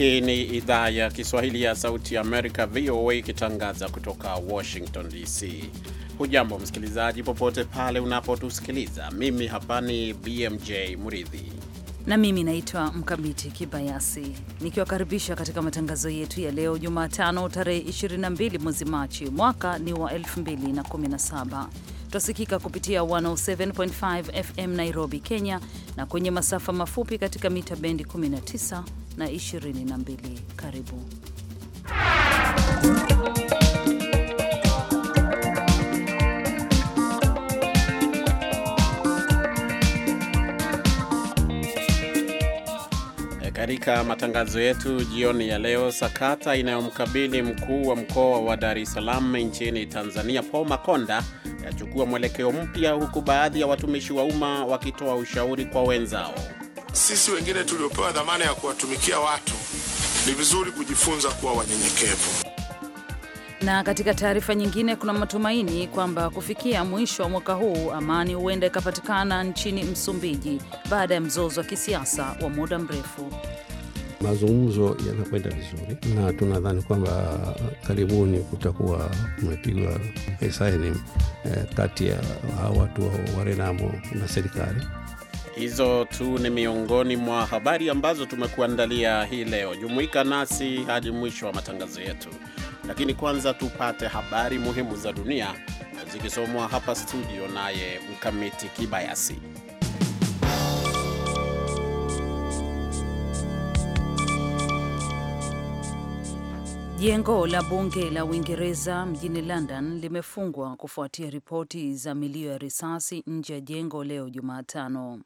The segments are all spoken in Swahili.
Hii ni idhaa ya Kiswahili ya Sauti ya Amerika, VOA, ikitangaza kutoka Washington DC. Hujambo msikilizaji, popote pale unapotusikiliza. Mimi hapa ni BMJ Muridhi na mimi naitwa Mkamiti Kibayasi nikiwakaribisha katika matangazo yetu ya leo Jumatano tarehe 22 mwezi Machi mwaka ni wa 2017. Twasikika kupitia 107.5 FM Nairobi, Kenya, na kwenye masafa mafupi katika mita bendi 19 na 22. Karibu e, Katika matangazo yetu jioni ya leo, sakata inayomkabili mkuu wa mkoa wa Dar es Salaam nchini Tanzania Paul Makonda yachukua mwelekeo mpya, huku baadhi ya watumishi wa umma wakitoa ushauri kwa wenzao sisi wengine tuliopewa dhamana ya kuwatumikia watu ni vizuri kujifunza kuwa wanyenyekevu. Na katika taarifa nyingine, kuna matumaini kwamba kufikia mwisho wa mwaka huu amani huenda ikapatikana nchini Msumbiji baada ya mzozo wa kisiasa wa muda mrefu. Mazungumzo yanakwenda vizuri na tunadhani kwamba karibuni kutakuwa kumepigwa saini eh, kati ya hawa watu wa Renamo na serikali. Hizo tu ni miongoni mwa habari ambazo tumekuandalia hii leo. Jumuika nasi hadi mwisho wa matangazo yetu, lakini kwanza tupate habari muhimu za dunia zikisomwa hapa studio naye Mkamiti Kibayasi. Jengo la bunge la Uingereza mjini London limefungwa kufuatia ripoti za milio ya risasi nje ya jengo leo Jumatano.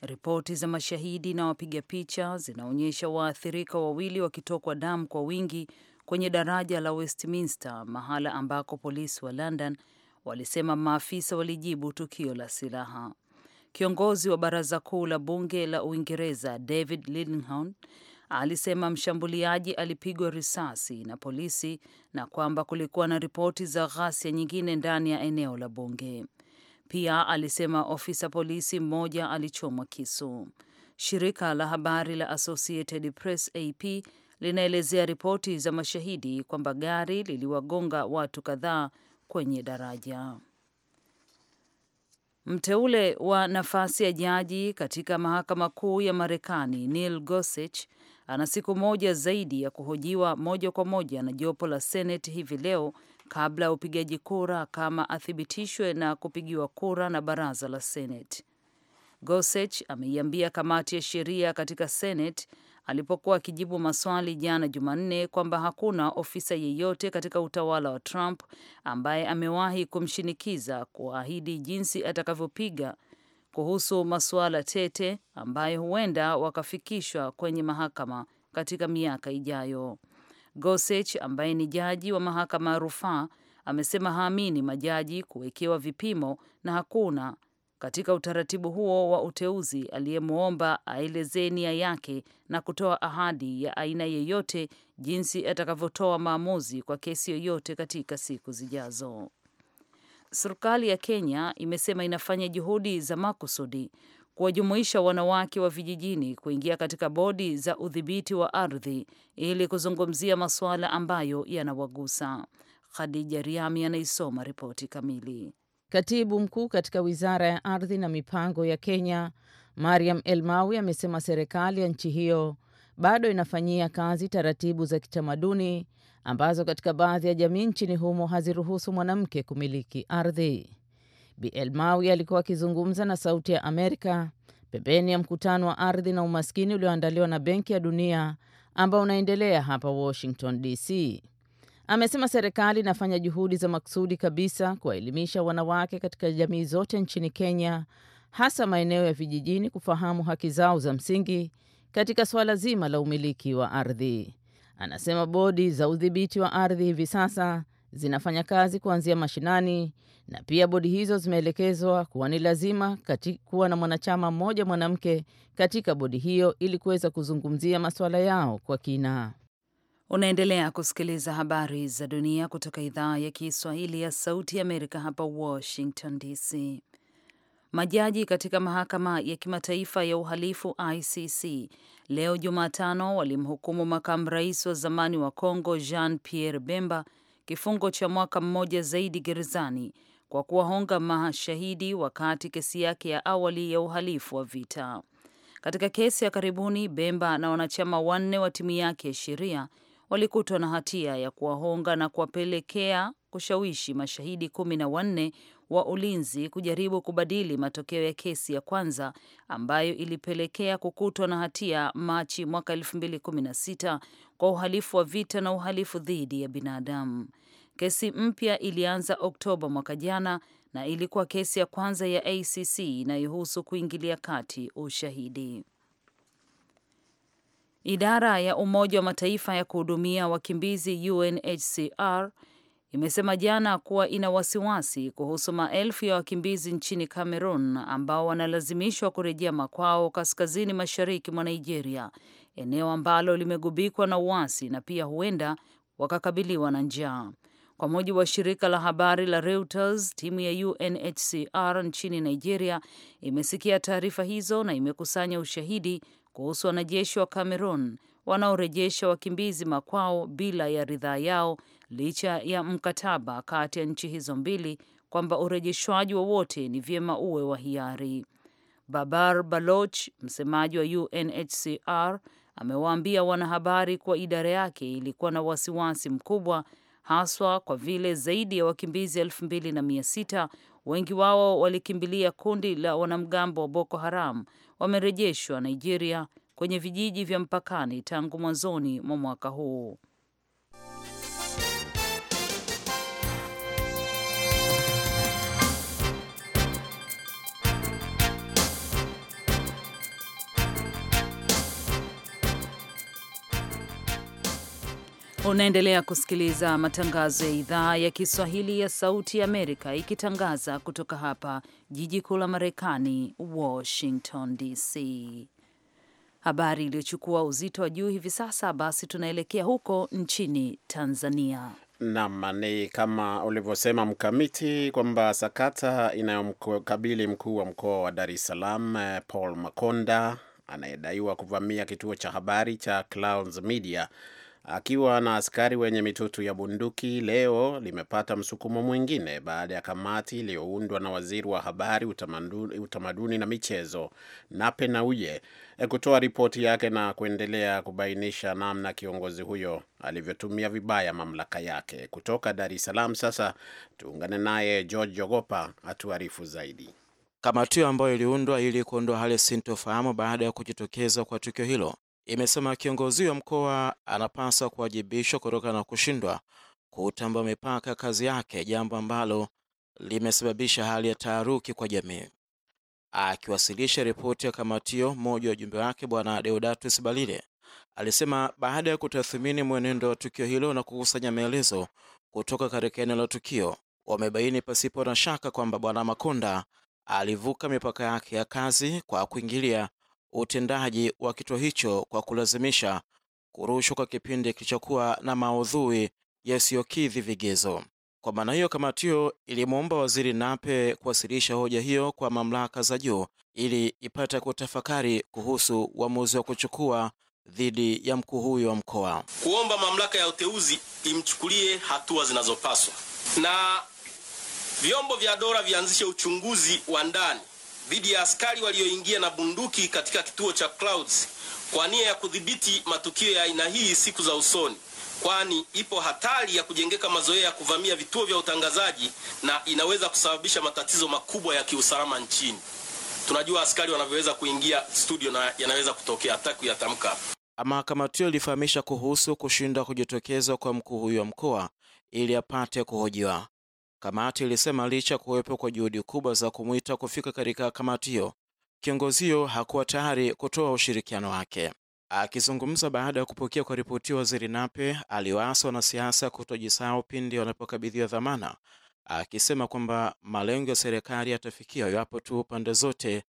Ripoti za mashahidi na wapiga picha zinaonyesha waathirika wawili wakitokwa damu kwa wingi kwenye daraja la Westminster, mahala ambako polisi wa London walisema maafisa walijibu tukio la silaha. Kiongozi wa baraza kuu la bunge la Uingereza David Lidington alisema mshambuliaji alipigwa risasi na polisi na kwamba kulikuwa na ripoti za ghasia nyingine ndani ya eneo la bunge. Pia alisema ofisa polisi mmoja alichomwa kisu. Shirika la habari la Associated Press AP linaelezea ripoti za mashahidi kwamba gari liliwagonga watu kadhaa kwenye daraja. Mteule wa nafasi ya jaji katika mahakama kuu ya Marekani Neil Gorsuch ana siku moja zaidi ya kuhojiwa moja kwa moja na jopo la Seneti hivi leo kabla ya upigaji kura kama athibitishwe na kupigiwa kura na baraza la Senate. Gosech ameiambia kamati ya sheria katika Senate alipokuwa akijibu maswali jana Jumanne kwamba hakuna ofisa yeyote katika utawala wa Trump ambaye amewahi kumshinikiza kuahidi jinsi atakavyopiga kuhusu masuala tete ambayo huenda wakafikishwa kwenye mahakama katika miaka ijayo. Gosech ambaye ni jaji wa mahakama ya rufaa amesema haamini majaji kuwekewa vipimo na hakuna katika utaratibu huo wa uteuzi aliyemwomba aelezee nia yake na kutoa ahadi ya aina yeyote jinsi atakavyotoa maamuzi kwa kesi yoyote katika siku zijazo. Serikali ya Kenya imesema inafanya juhudi za makusudi kuwajumuisha wanawake wa vijijini kuingia katika bodi za udhibiti wa ardhi ili kuzungumzia masuala ambayo yanawagusa. Khadija Riami anaisoma ripoti kamili. Katibu mkuu katika wizara ya ardhi na mipango ya Kenya, Mariam Elmawi, amesema serikali ya nchi hiyo bado inafanyia kazi taratibu za kitamaduni ambazo katika baadhi ya jamii nchini humo haziruhusu mwanamke kumiliki ardhi. Bi Elmawi alikuwa akizungumza na Sauti ya Amerika pembeni ya mkutano wa ardhi na umaskini ulioandaliwa na Benki ya Dunia ambao unaendelea hapa Washington DC. Amesema serikali inafanya juhudi za maksudi kabisa kuwaelimisha wanawake katika jamii zote nchini Kenya, hasa maeneo ya vijijini, kufahamu haki zao za msingi katika suala zima la umiliki wa ardhi. Anasema bodi za udhibiti wa ardhi hivi sasa zinafanya kazi kuanzia mashinani na pia bodi hizo zimeelekezwa kuwa ni lazima kuwa na mwanachama mmoja mwanamke katika bodi hiyo ili kuweza kuzungumzia masuala yao kwa kina. Unaendelea kusikiliza habari za dunia kutoka idhaa ya Kiswahili ya Sauti ya Amerika hapa Washington DC. Majaji katika mahakama ya kimataifa ya uhalifu ICC leo Jumatano walimhukumu makamu rais wa zamani wa congo Jean Pierre Bemba kifungo cha mwaka mmoja zaidi gerezani kwa kuwahonga mashahidi wakati kesi yake ya awali ya uhalifu wa vita. Katika kesi ya karibuni, Bemba na wanachama wanne wa timu yake ya sheria walikutwa na hatia ya kuwahonga na kuwapelekea kushawishi mashahidi kumi na wanne wa ulinzi kujaribu kubadili matokeo ya kesi ya kwanza ambayo ilipelekea kukutwa na hatia Machi mwaka 2016 kwa uhalifu wa vita na uhalifu dhidi ya binadamu. Kesi mpya ilianza Oktoba mwaka jana na ilikuwa kesi ya kwanza ya ACC inayohusu kuingilia kati ushahidi. Idara ya Umoja wa Mataifa ya kuhudumia wakimbizi UNHCR imesema jana kuwa ina wasiwasi kuhusu maelfu ya wakimbizi nchini Cameroon ambao wanalazimishwa kurejea makwao kaskazini mashariki mwa Nigeria, eneo ambalo limegubikwa na uasi na pia huenda wakakabiliwa na njaa. Kwa mujibu wa shirika la habari la Reuters, timu ya UNHCR nchini Nigeria imesikia taarifa hizo na imekusanya ushahidi kuhusu wanajeshi wa Cameroon wanaorejesha wakimbizi makwao bila ya ridhaa yao licha ya mkataba kati ya nchi hizo mbili kwamba urejeshwaji wowote ni vyema uwe wa hiari. Babar Baloch, msemaji wa UNHCR, amewaambia wanahabari kuwa idara yake ilikuwa na wasiwasi mkubwa haswa kwa vile zaidi ya wakimbizi elfu mbili na mia sita wengi wao walikimbilia kundi la wanamgambo wa Boko Haram wamerejeshwa Nigeria kwenye vijiji vya mpakani tangu mwanzoni mwa mwaka huu. Unaendelea kusikiliza matangazo ya idhaa ya Kiswahili ya Sauti ya Amerika ikitangaza kutoka hapa jiji kuu la Marekani, Washington DC. Habari iliyochukua uzito wa juu hivi sasa, basi tunaelekea huko nchini Tanzania. Naam, ni kama ulivyosema Mkamiti kwamba sakata inayomkabili mkuu wa mkoa wa Dar es Salaam eh, Paul Makonda anayedaiwa kuvamia kituo cha habari cha Clouds Media akiwa na askari wenye mitutu ya bunduki leo limepata msukumo mwingine baada ya kamati iliyoundwa na waziri wa habari, utamaduni, utamaduni na michezo Nape Nnauye e, kutoa ripoti yake na kuendelea kubainisha namna kiongozi huyo alivyotumia vibaya mamlaka yake. Kutoka Dar es Salaam sasa tuungane naye George Jogopa atuarifu zaidi. Kamati hiyo ambayo iliundwa ili kuondoa hali sintofahamu baada ya kujitokeza kwa tukio hilo imesema kiongozi wa mkoa anapaswa kuwajibishwa kutokana na kushindwa kutambua mipaka ya kazi yake, jambo ambalo limesababisha hali ya taharuki kwa jamii. Akiwasilisha ripoti ya kamati hiyo, mmoja wa ujumbe wake Bwana Deodatus Balile alisema baada ya kutathmini mwenendo wa tukio hilo na kukusanya maelezo kutoka katika eneo la tukio, wamebaini pasipo na shaka kwamba Bwana Makonda alivuka mipaka yake ya kazi kwa kuingilia utendaji wa kituo hicho kwa kulazimisha kurushwa kwa kipindi kilichokuwa na maudhui yasiyokidhi vigezo. Kwa maana hiyo, kamati hiyo ilimwomba Waziri Nape kuwasilisha hoja hiyo kwa mamlaka za juu ili ipate kutafakari kuhusu uamuzi wa kuchukua dhidi ya mkuu huyo wa mkoa, kuomba mamlaka ya uteuzi imchukulie hatua zinazopaswa na vyombo vya dola vianzishe uchunguzi wa ndani dhidi ya askari walioingia na bunduki katika kituo cha Clouds kwa nia ya kudhibiti matukio ya aina hii siku za usoni, kwani ipo hatari ya kujengeka mazoea ya kuvamia vituo vya utangazaji na inaweza kusababisha matatizo makubwa ya kiusalama nchini. Tunajua askari wanavyoweza kuingia studio na yanaweza kutokea, hataki kuyatamka. Mahakama hiyo ilifahamisha kuhusu kushindwa kujitokeza kwa mkuu huyo wa mkoa ili apate kuhojiwa. Kamati ilisema licha kuwepo kwa juhudi kubwa za kumwita kufika katika kamati hiyo, kiongozi huyo hakuwa tayari kutoa ushirikiano wake. Akizungumza baada ya kupokea kwa ripoti ya Waziri Nape aliwaasa wanasiasa kutojisahau pindi wanapokabidhiwa dhamana, akisema kwamba malengo ya serikali yatafikiwa iwapo tu pande zote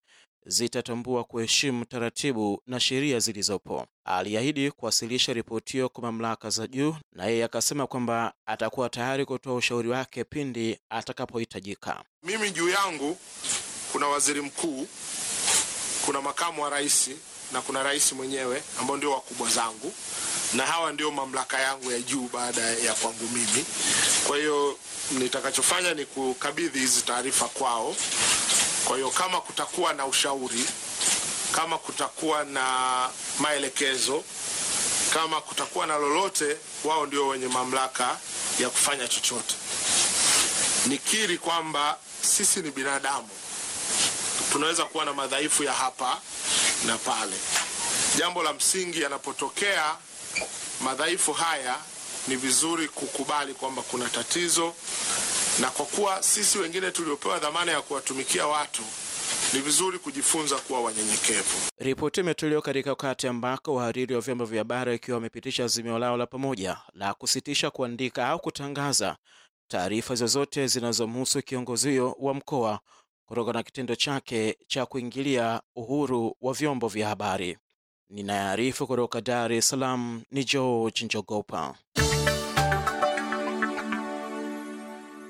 zitatambua kuheshimu taratibu na sheria zilizopo. Aliahidi kuwasilisha ripoti hiyo kwa mamlaka za juu, na yeye akasema kwamba atakuwa tayari kutoa ushauri wake pindi atakapohitajika. Mimi juu yangu kuna waziri mkuu, kuna makamu wa rais na kuna rais mwenyewe ambao ndio wakubwa zangu, na hawa ndio mamlaka yangu ya juu baada ya kwangu mimi. Kwa hiyo nitakachofanya ni kukabidhi hizi taarifa kwao kwa hiyo kama kutakuwa na ushauri, kama kutakuwa na maelekezo, kama kutakuwa na lolote, wao ndio wenye mamlaka ya kufanya chochote. Nikiri kwamba sisi ni binadamu, tunaweza kuwa na madhaifu ya hapa na pale. Jambo la msingi, yanapotokea madhaifu haya, ni vizuri kukubali kwamba kuna tatizo na kwa kuwa sisi wengine tuliopewa dhamana ya kuwatumikia watu ni vizuri kujifunza kuwa wanyenyekevu. Ripoti imetolewa katika wakati ambako wahariri wa vyombo vya habari wakiwa wamepitisha azimio lao la pamoja la kusitisha kuandika au kutangaza taarifa zozote zinazomhusu kiongozi huyo wa mkoa kutokana na kitendo chake cha kuingilia uhuru wa vyombo vya habari. Ninayearifu kutoka Dar es Salaam ni George Njogopa.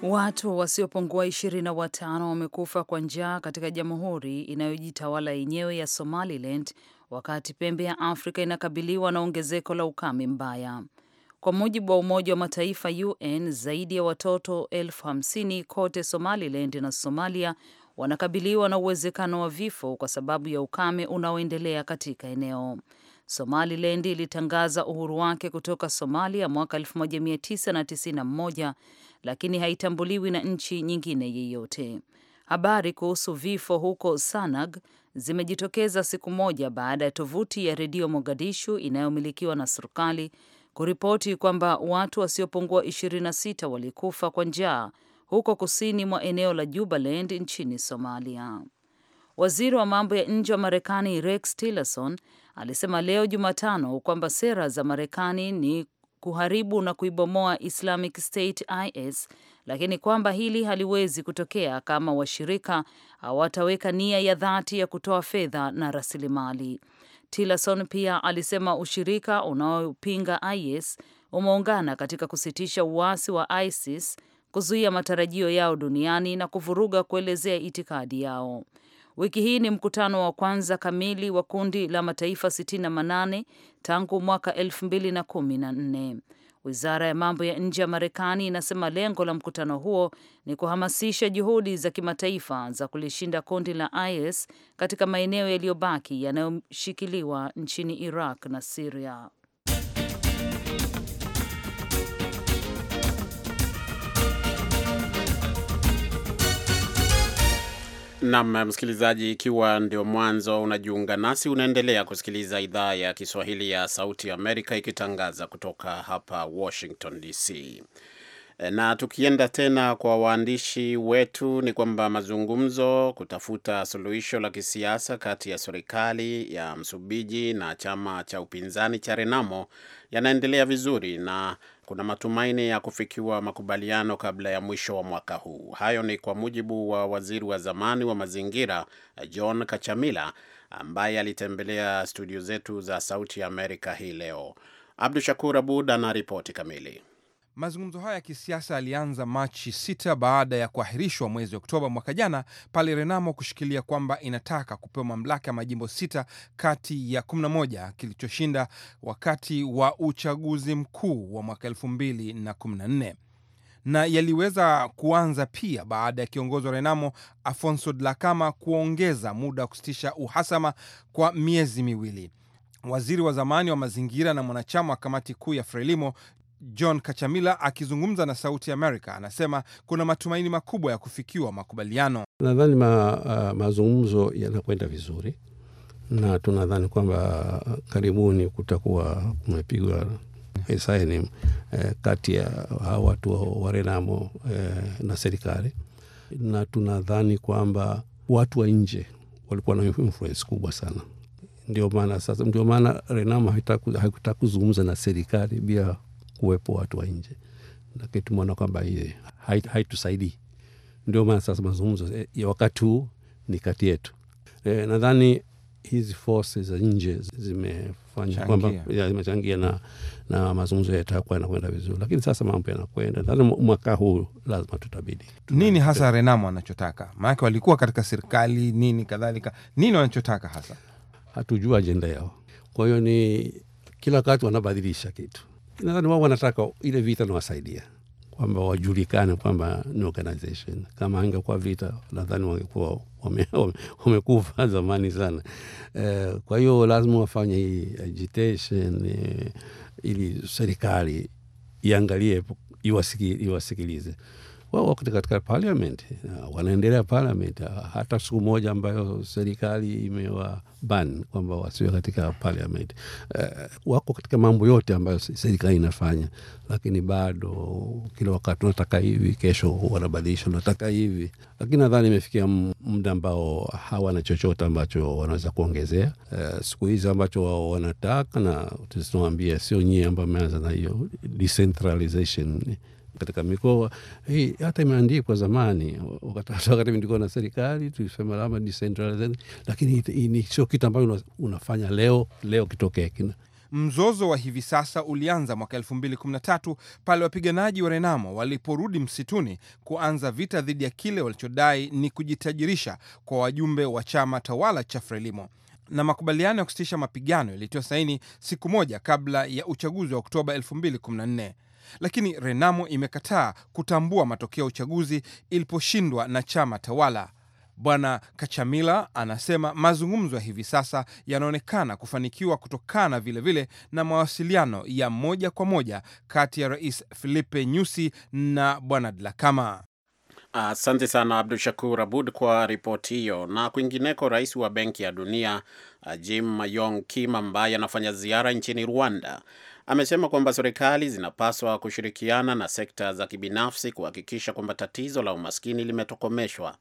Watu wasiopungua ishirini na watano wamekufa kwa njaa katika jamhuri inayojitawala yenyewe ya Somaliland wakati pembe ya Afrika inakabiliwa na ongezeko la ukame mbaya. Kwa mujibu wa Umoja wa Mataifa UN, zaidi ya watoto elfu hamsini kote Somaliland na Somalia wanakabiliwa na uwezekano wa vifo kwa sababu ya ukame unaoendelea katika eneo. Somaliland ilitangaza uhuru wake kutoka Somalia mwaka 1991 lakini haitambuliwi na nchi nyingine yeyote. Habari kuhusu vifo huko Sanag zimejitokeza siku moja baada ya tovuti ya redio Mogadishu inayomilikiwa na serikali kuripoti kwamba watu wasiopungua 26 walikufa kwa njaa huko kusini mwa eneo la Jubaland nchini Somalia. Waziri wa mambo ya nje wa Marekani Rex Tillerson alisema leo Jumatano kwamba sera za Marekani ni kuharibu na kuibomoa Islamic State IS, lakini kwamba hili haliwezi kutokea kama washirika hawataweka nia ya dhati ya kutoa fedha na rasilimali. Tillerson pia alisema ushirika unaopinga IS umeungana katika kusitisha uasi wa ISIS, kuzuia matarajio yao duniani na kuvuruga kuelezea itikadi yao. Wiki hii ni mkutano wa kwanza kamili wa kundi la mataifa 68 tangu mwaka 2014. Wizara ya mambo ya nje ya Marekani inasema lengo la mkutano huo ni kuhamasisha juhudi za kimataifa za kulishinda kundi la IS katika maeneo yaliyobaki yanayoshikiliwa nchini Iraq na Siria. Nam msikilizaji, ikiwa ndio mwanzo unajiunga nasi, unaendelea kusikiliza idhaa ya Kiswahili ya Sauti Amerika ikitangaza kutoka hapa Washington DC. Na tukienda tena kwa waandishi wetu, ni kwamba mazungumzo kutafuta suluhisho la kisiasa kati ya serikali ya Msumbiji na chama cha upinzani cha Renamo yanaendelea vizuri na kuna matumaini ya kufikiwa makubaliano kabla ya mwisho wa mwaka huu. Hayo ni kwa mujibu wa waziri wa zamani wa mazingira John Kachamila ambaye alitembelea studio zetu za Sauti ya Amerika hii leo. Abdu Shakur Abud ana ripoti kamili. Mazungumzo haya ya kisiasa yalianza Machi 6 baada ya kuahirishwa mwezi Oktoba mwaka jana, pale Renamo kushikilia kwamba inataka kupewa mamlaka ya majimbo sita kati ya 11 kilichoshinda wakati wa uchaguzi mkuu wa mwaka 2014 na yaliweza kuanza pia baada ya kiongozi wa Renamo Afonso Dlakama kuongeza muda wa kusitisha uhasama kwa miezi miwili. Waziri wa zamani wa mazingira na mwanachama wa kamati kuu ya Frelimo John Kachamila akizungumza na Sauti Amerika anasema kuna matumaini makubwa ya kufikiwa makubaliano. Nadhani ma, uh, mazungumzo yanakwenda vizuri na tunadhani kwamba karibuni kutakuwa kumepigwa saini eh, kati ya hawa watu wa Renamo eh, na serikali, na tunadhani kwamba watu wa nje walikuwa na influence kubwa sana. Ndio maana sasa, ndio maana Renamo haikutaka kuzungumza na serikali bila kuwepo watu wa nje, lakini tumeona kwamba haitusaidii. Ndio maana sasa mazungumzo e, wakati huu ni kati yetu. E, nadhani hizi forces za nje zimefanya kwamba zimechangia na, na mazungumzo yetu yanakwenda vizuri, lakini sasa mambo yanakwenda. Nadhani mwaka huu lazima tutabidi nini hasa Renamo anachotaka, maanake walikuwa katika serikali nini kadhalika, nini wanachotaka hasa hatujua ajenda yao. Kwa hiyo ni kila wakati wanabadilisha kitu nadhani wao wanataka ile vita nawasaidia kwamba wajulikane kwamba ni organization. Kama angekuwa vita, nadhani wangekuwa wamekufa wame zamani sana. Eh, kwa hiyo lazima wafanye hii agitation eh, ili serikali iangalie, iwasikilize wao wako katika parliament, wanaendelea parliament. Hata siku moja ambayo serikali imewa ban kwamba wasiwe katika parliament. Uh, eh, wako katika mambo yote ambayo serikali inafanya, lakini bado kila wakati unataka hivi, kesho wanabadilisha, unataka hivi, lakini nadhani imefikia muda ambao hawana chochote ambacho wanaweza kuongezea. Uh, siku hizi ambacho wao wanataka na tunawambia sio nyie ambao ameanza na hiyo decentralization katika mikoa hii hata imeandikwa zamani, wakati na serikali tulisema lama lakini ni sio kitu ambayo unafanya leo leo kitokee. Mzozo wa hivi sasa ulianza mwaka 2013 pale wapiganaji wa Renamo waliporudi msituni kuanza vita dhidi ya kile walichodai ni kujitajirisha kwa wajumbe wa chama tawala cha Frelimo na makubaliano ya kusitisha mapigano yalitiwa saini siku moja kabla ya uchaguzi wa Oktoba 2014 lakini Renamo imekataa kutambua matokeo ya uchaguzi iliposhindwa na chama tawala. Bwana Kachamila anasema mazungumzo ya hivi sasa yanaonekana kufanikiwa kutokana vilevile vile na mawasiliano ya moja kwa moja kati ya Rais Filipe Nyusi na Bwana dlakama Asante uh, sana Abdu Shakur Abud kwa ripoti hiyo. Na kwingineko, rais wa Benki ya Dunia uh, Jim Yong Kim ambaye anafanya ziara nchini Rwanda amesema kwamba serikali zinapaswa kushirikiana na sekta za kibinafsi kuhakikisha kwamba tatizo la umaskini limetokomeshwa.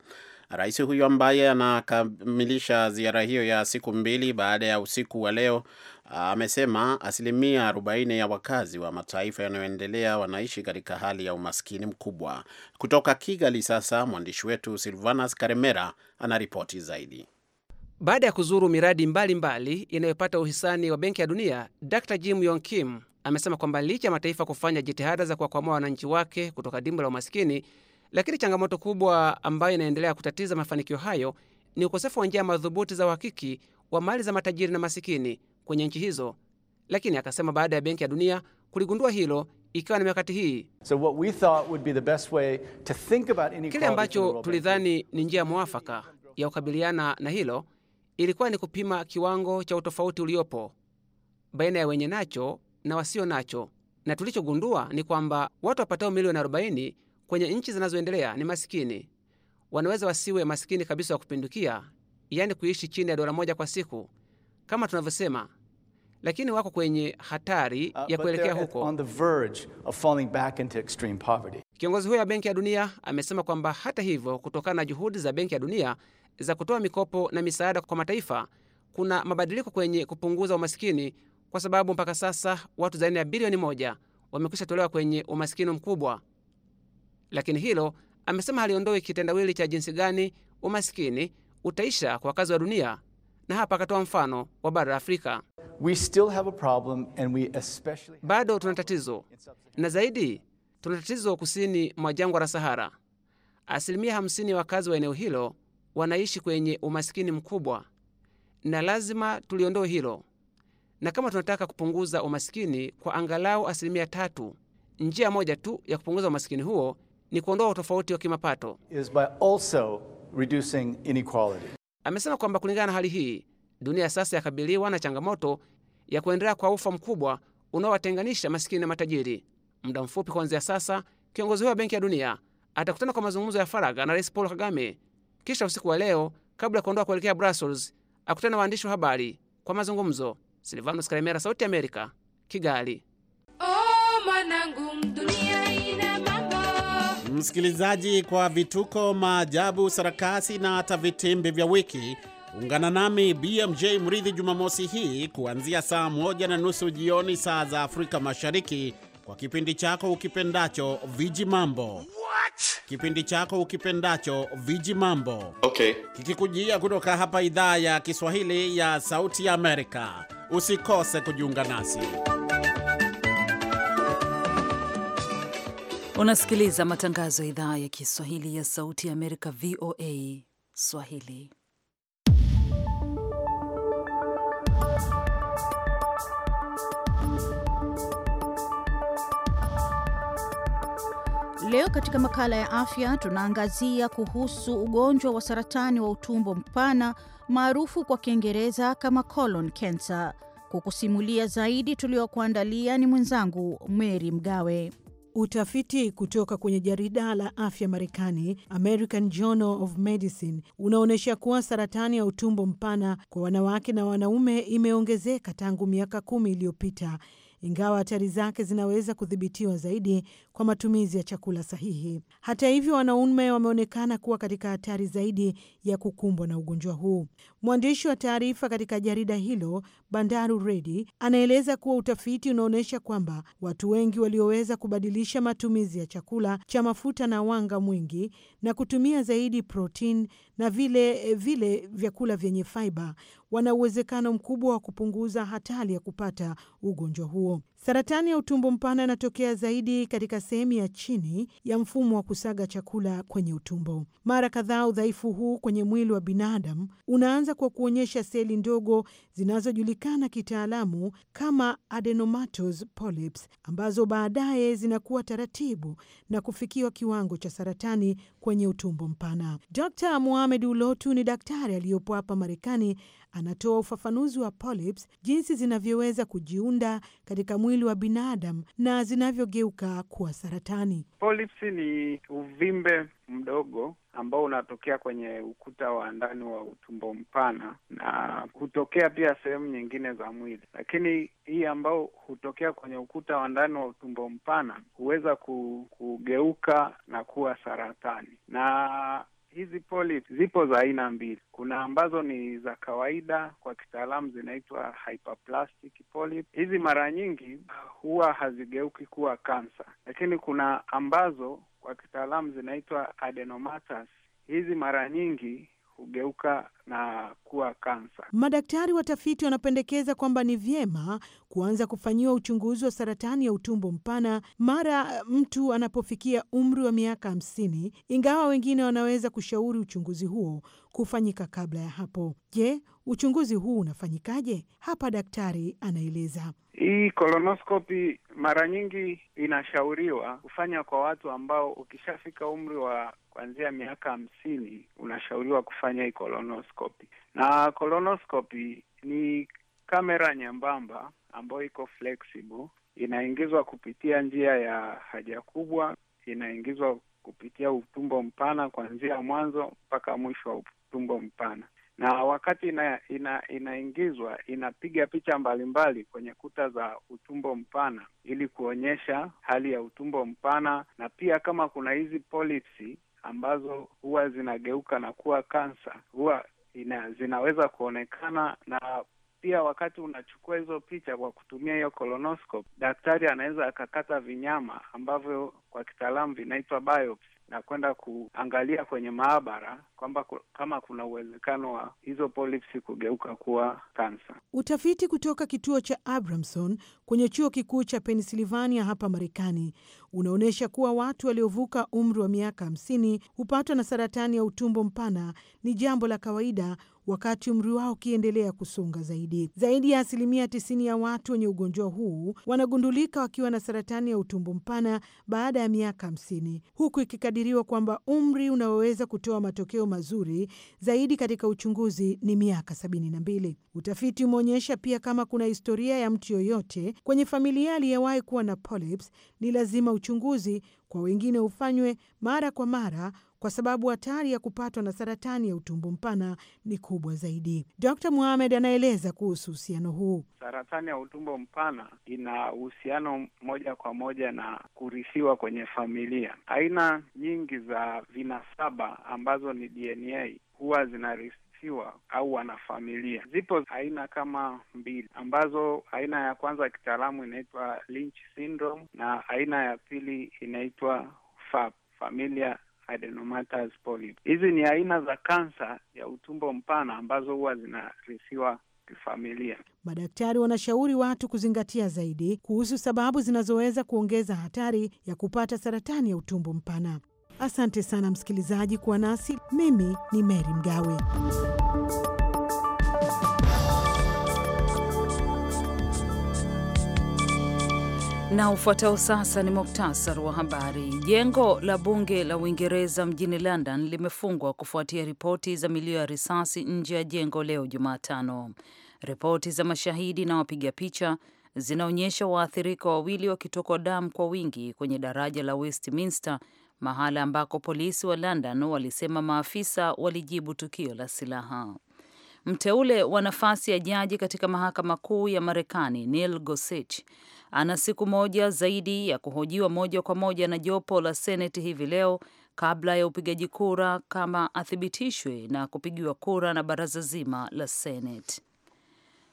Rais huyo ambaye anakamilisha ziara hiyo ya siku mbili baada ya usiku wa leo amesema asilimia 40 ya wakazi wa mataifa yanayoendelea wanaishi katika hali ya umaskini mkubwa. Kutoka Kigali sasa mwandishi wetu Silvanas Karemera ana ripoti zaidi. Baada ya kuzuru miradi mbalimbali inayopata uhisani wa Benki ya Dunia, Dr Jim Yong Kim amesema kwamba licha ya mataifa kufanya jitihada za kuwakwamua wananchi wake kutoka dimbo la umaskini lakini changamoto kubwa ambayo inaendelea kutatiza mafanikio hayo ni ukosefu wa njia madhubuti za uhakiki wa mali za matajiri na masikini kwenye nchi hizo, lakini akasema baada ya Benki ya Dunia kuligundua hilo ikiwa na mikakati hii. kile ambacho tulidhani ni njia mwafaka ya kukabiliana na hilo ilikuwa ni kupima kiwango cha utofauti uliopo baina ya wenye nacho na wasio nacho, na tulichogundua ni kwamba watu wapatao milioni 40 kwenye nchi zinazoendelea ni masikini. Wanaweza wasiwe masikini kabisa wa kupindukia, yani kuishi chini ya dola moja kwa siku kama tunavyosema, lakini wako kwenye hatari uh, ya kuelekea huko. Kiongozi huyo wa Benki ya Dunia amesema kwamba hata hivyo, kutokana na juhudi za Benki ya Dunia za kutoa mikopo na misaada kwa mataifa, kuna mabadiliko kwenye kupunguza umasikini, kwa sababu mpaka sasa watu zaidi ya bilioni moja wamekwisha tolewa kwenye umasikini mkubwa lakini hilo amesema haliondoe kitendawili cha jinsi gani umasikini utaisha kwa wakazi wa dunia, na hapa akatoa mfano wa bara la Afrika. We still have a problem and we especially... bado tuna tatizo na zaidi tuna tatizo kusini mwa jangwa la Sahara. Asilimia 50 ya wakazi wa eneo hilo wanaishi kwenye umasikini mkubwa, na lazima tuliondoe hilo. Na kama tunataka kupunguza umasikini kwa angalau asilimia tatu, njia moja tu ya kupunguza umasikini huo ni kuondoa utofauti wa kimapato. Amesema kwamba kulingana na hali hii, dunia sasa yakabiliwa na changamoto ya kuendelea kwa ufa mkubwa unaowatenganisha masikini na matajiri. Muda mfupi kuanzia sasa, kiongozi huyo wa Benki ya Dunia atakutana kwa mazungumzo ya faragha na Rais Paul Kagame, kisha usiku wa leo, kabla ya kuondoka kuelekea Brussels, akutana na waandishi wa habari kwa mazungumzo. Silvanus Kalemera, Sauti ya Amerika, Kigali. Oh, manangu, dunia. Msikilizaji, kwa vituko, maajabu, sarakasi na hata vitimbi vya wiki, ungana nami BMJ Mridhi Jumamosi hii kuanzia saa moja na nusu jioni saa za Afrika Mashariki kwa kipindi chako ukipendacho Viji Mambo. Kipindi chako ukipendacho Viji Mambo. Okay. Kikikujia kutoka hapa idhaa ya Kiswahili ya Sauti ya Amerika. Usikose kujiunga nasi. Unasikiliza matangazo ya idhaa ya Kiswahili ya Sauti ya Amerika, VOA Swahili. Leo katika makala ya afya tunaangazia kuhusu ugonjwa wa saratani wa utumbo mpana maarufu kwa Kiingereza kama colon cancer. Kukusimulia zaidi tuliokuandalia ni mwenzangu Mary Mgawe. Utafiti kutoka kwenye jarida la afya Marekani, American Journal of Medicine, unaonyesha kuwa saratani ya utumbo mpana kwa wanawake na wanaume imeongezeka tangu miaka kumi iliyopita, ingawa hatari zake zinaweza kudhibitiwa zaidi kwa matumizi ya chakula sahihi. Hata hivyo, wanaume wameonekana kuwa katika hatari zaidi ya kukumbwa na ugonjwa huu. Mwandishi wa taarifa katika jarida hilo Bandaru Redi anaeleza kuwa utafiti unaonyesha kwamba watu wengi walioweza kubadilisha matumizi ya chakula cha mafuta na wanga mwingi na kutumia zaidi protini na vile vile vyakula vyenye faiba wana uwezekano mkubwa wa kupunguza hatari ya kupata ugonjwa huo. Saratani ya utumbo mpana inatokea zaidi katika sehemu ya chini ya mfumo wa kusaga chakula kwenye utumbo. Mara kadhaa udhaifu huu kwenye mwili wa binadamu unaanza kwa kuonyesha seli ndogo zinazojulikana kitaalamu kama adenomatous polyps, ambazo baadaye zinakuwa taratibu na kufikiwa kiwango cha saratani kwenye utumbo mpana. Dr. Mohamed Ulotu ni daktari aliyopo hapa Marekani. Anatoa ufafanuzi wa polyps, jinsi zinavyoweza kujiunda katika mwili wa binadamu na zinavyogeuka kuwa saratani? Polyps ni uvimbe mdogo ambao unatokea kwenye ukuta wa ndani wa utumbo mpana na hutokea pia sehemu nyingine za mwili, lakini hii ambao hutokea kwenye ukuta wa ndani wa utumbo mpana huweza kugeuka na kuwa saratani na Hizi polyps zipo za aina mbili. Kuna ambazo ni za kawaida, kwa kitaalamu zinaitwa hyperplastic Hizi mara nyingi uh, huwa hazigeuki kuwa kansa, lakini kuna ambazo kwa kitaalamu zinaitwa adenomatous. Hizi mara nyingi hugeuka na kuwa kansa. Madaktari watafiti wanapendekeza kwamba ni vyema kuanza kufanyiwa uchunguzi wa saratani ya utumbo mpana mara mtu anapofikia umri wa miaka hamsini, ingawa wengine wanaweza kushauri uchunguzi huo kufanyika kabla ya hapo. Je, uchunguzi huu unafanyikaje? Hapa daktari anaeleza. Hii kolonoskopi mara nyingi inashauriwa kufanya kwa watu ambao ukishafika umri wa kuanzia miaka hamsini, unashauriwa kufanya hii kolonoskopi. Na kolonoskopi ni kamera nyembamba ambayo iko flexible, inaingizwa kupitia njia ya haja kubwa, inaingizwa kupitia utumbo mpana kuanzia mwanzo mpaka mwisho wa utumbo mpana na wakati ina, ina, inaingizwa inapiga picha mbalimbali mbali kwenye kuta za utumbo mpana ili kuonyesha hali ya utumbo mpana, na pia kama kuna hizi polisi ambazo huwa zinageuka na kuwa kansa huwa ina, zinaweza kuonekana na pia wakati unachukua hizo picha kwa kutumia hiyo colonoscope, daktari anaweza akakata vinyama ambavyo kwa kitaalamu vinaitwa biopsy na kwenda kuangalia kwenye maabara kwamba kama kuna uwezekano wa hizo polyps kugeuka kuwa kansa. Utafiti kutoka kituo cha Abramson kwenye chuo kikuu cha Pennsylvania hapa Marekani unaonyesha kuwa watu waliovuka umri wa miaka hamsini hupatwa na saratani ya utumbo mpana ni jambo la kawaida wakati umri wao ukiendelea kusonga zaidi. Zaidi ya asilimia tisini ya watu wenye ugonjwa huu wanagundulika wakiwa na saratani ya utumbo mpana baada ya miaka hamsini huku inakadiriwa kwamba umri unaoweza kutoa matokeo mazuri zaidi katika uchunguzi ni miaka 72. Utafiti umeonyesha pia kama kuna historia ya mtu yoyote kwenye familia aliyewahi kuwa na polyps, ni lazima uchunguzi kwa wengine ufanywe mara kwa mara kwa sababu hatari ya kupatwa na saratani ya utumbo mpana ni kubwa zaidi. Dr muhamed anaeleza kuhusu uhusiano huu. Saratani ya utumbo mpana ina uhusiano moja kwa moja na kurithiwa kwenye familia. Aina nyingi za vinasaba ambazo ni DNA huwa zinarithiwa au wanafamilia. Zipo aina kama mbili ambazo aina ya kwanza kitaalamu inaitwa Lynch syndrome na aina ya pili inaitwa FAP, familia adenomatous polyp. Hizi ni aina za kansa ya utumbo mpana ambazo huwa zinarisiwa kifamilia. Madaktari wanashauri watu kuzingatia zaidi kuhusu sababu zinazoweza kuongeza hatari ya kupata saratani ya utumbo mpana. Asante sana msikilizaji kuwa nasi. Mimi ni Mary Mgawe. Na ufuatao sasa ni muktasari wa habari. Jengo la bunge la Uingereza mjini London limefungwa kufuatia ripoti za milio ya risasi nje ya jengo leo Jumatano. Ripoti za mashahidi na wapiga picha zinaonyesha waathirika wawili wakitokwa damu kwa wingi kwenye daraja la Westminster, mahala ambako polisi wa London walisema maafisa walijibu tukio la silaha. Mteule wa nafasi ya jaji katika mahakama kuu ya Marekani Neil Gorsuch ana siku moja zaidi ya kuhojiwa moja kwa moja na jopo la Seneti hivi leo kabla ya upigaji kura kama athibitishwe na kupigiwa kura na baraza zima la Seneti.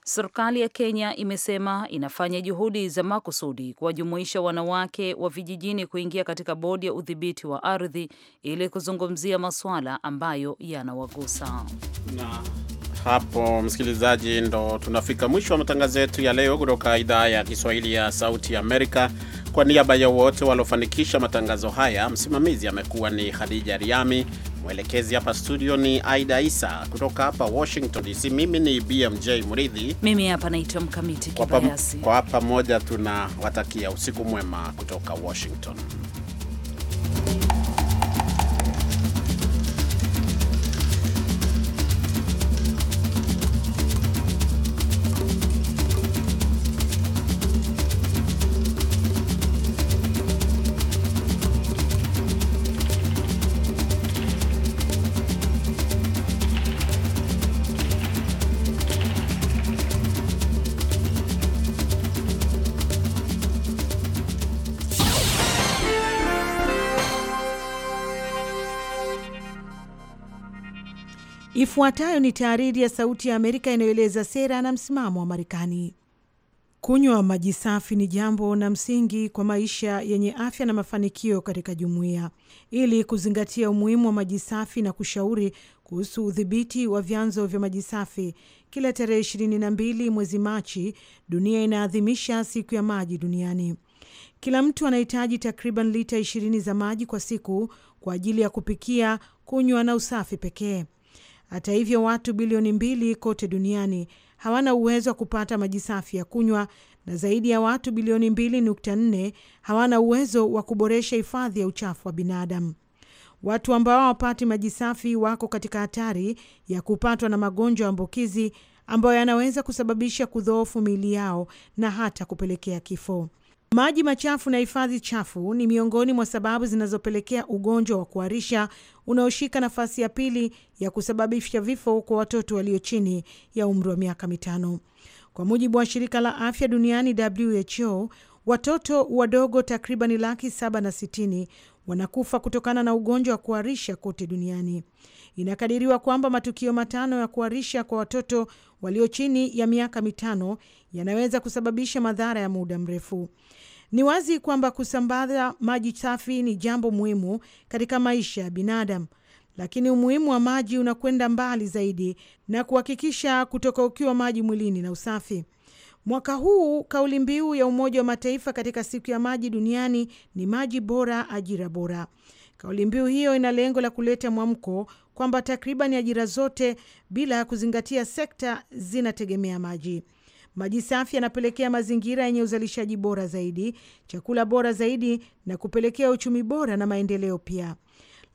Serikali ya Kenya imesema inafanya juhudi za makusudi kuwajumuisha wanawake wa vijijini kuingia katika bodi ya udhibiti wa ardhi ili kuzungumzia masuala ambayo yanawagusa hapo msikilizaji, ndo tunafika mwisho wa matangazo yetu ya leo kutoka idhaa ya Kiswahili ya Sauti Amerika. Kwa niaba ya wote waliofanikisha matangazo haya, msimamizi amekuwa ni Khadija Riami, mwelekezi hapa studio ni Aida Isa. Kutoka hapa Washington DC, mimi ni BMJ Mridhi, mimi hapa naitwa Mkamiti Kibayasi. Kwa pamoja tunawatakia usiku mwema kutoka Washington. Ifuatayo ni taariri ya Sauti ya Amerika inayoeleza sera na msimamo wa Marekani. Kunywa maji safi ni jambo na msingi kwa maisha yenye afya na mafanikio katika jumuiya. Ili kuzingatia umuhimu wa maji safi na kushauri kuhusu udhibiti wa vyanzo vya maji safi, kila tarehe ishirini na mbili mwezi Machi dunia inaadhimisha siku ya maji duniani. Kila mtu anahitaji takriban lita ishirini za maji kwa siku kwa ajili ya kupikia, kunywa na usafi pekee. Hata hivyo, watu bilioni mbili kote duniani hawana uwezo wa kupata maji safi ya kunywa na zaidi ya watu bilioni mbili nukta nne hawana uwezo wa kuboresha hifadhi ya uchafu wa binadamu. Watu ambao hawapati maji safi wako katika hatari ya kupatwa na magonjwa ya ambukizi ambayo yanaweza kusababisha kudhoofu miili yao na hata kupelekea kifo. Maji machafu na hifadhi chafu ni miongoni mwa sababu zinazopelekea ugonjwa wa kuharisha unaoshika nafasi ya pili ya kusababisha vifo kwa watoto walio chini ya umri wa miaka mitano, kwa mujibu wa shirika la afya duniani WHO. Watoto wadogo takribani laki saba na sitini wanakufa kutokana na ugonjwa wa kuharisha kote duniani. Inakadiriwa kwamba matukio matano ya kuharisha kwa watoto walio chini ya miaka mitano yanaweza kusababisha madhara ya muda mrefu. Ni wazi kwamba kusambaza maji safi ni jambo muhimu katika maisha ya binadamu, lakini umuhimu wa maji unakwenda mbali zaidi na kuhakikisha kutoka ukiwa maji mwilini na usafi. Mwaka huu kauli mbiu ya Umoja wa Mataifa katika siku ya maji duniani ni maji bora, ajira bora. Kauli mbiu hiyo ina lengo la kuleta mwamko kwamba takriban ajira zote bila ya kuzingatia sekta zinategemea maji. Maji safi yanapelekea mazingira yenye uzalishaji bora zaidi, chakula bora zaidi, na kupelekea uchumi bora na maendeleo pia.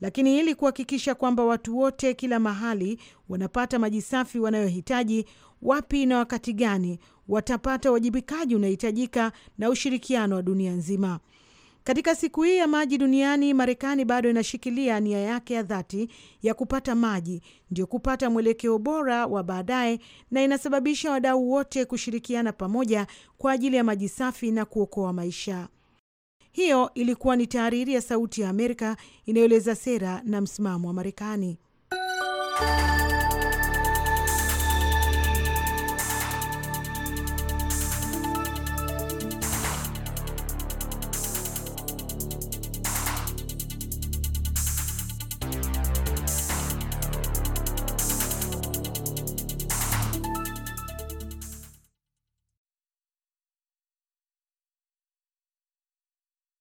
Lakini ili kuhakikisha kwamba watu wote kila mahali wanapata maji safi wanayohitaji, wapi na wakati gani watapata, uwajibikaji unahitajika na ushirikiano wa dunia nzima. Katika siku hii ya maji duniani, Marekani bado inashikilia nia yake ya dhati ya kupata maji ndio kupata mwelekeo bora wa baadaye, na inasababisha wadau wote kushirikiana pamoja kwa ajili ya maji safi na kuokoa maisha. Hiyo ilikuwa ni tahariri ya Sauti ya Amerika inayoeleza sera na msimamo wa Marekani.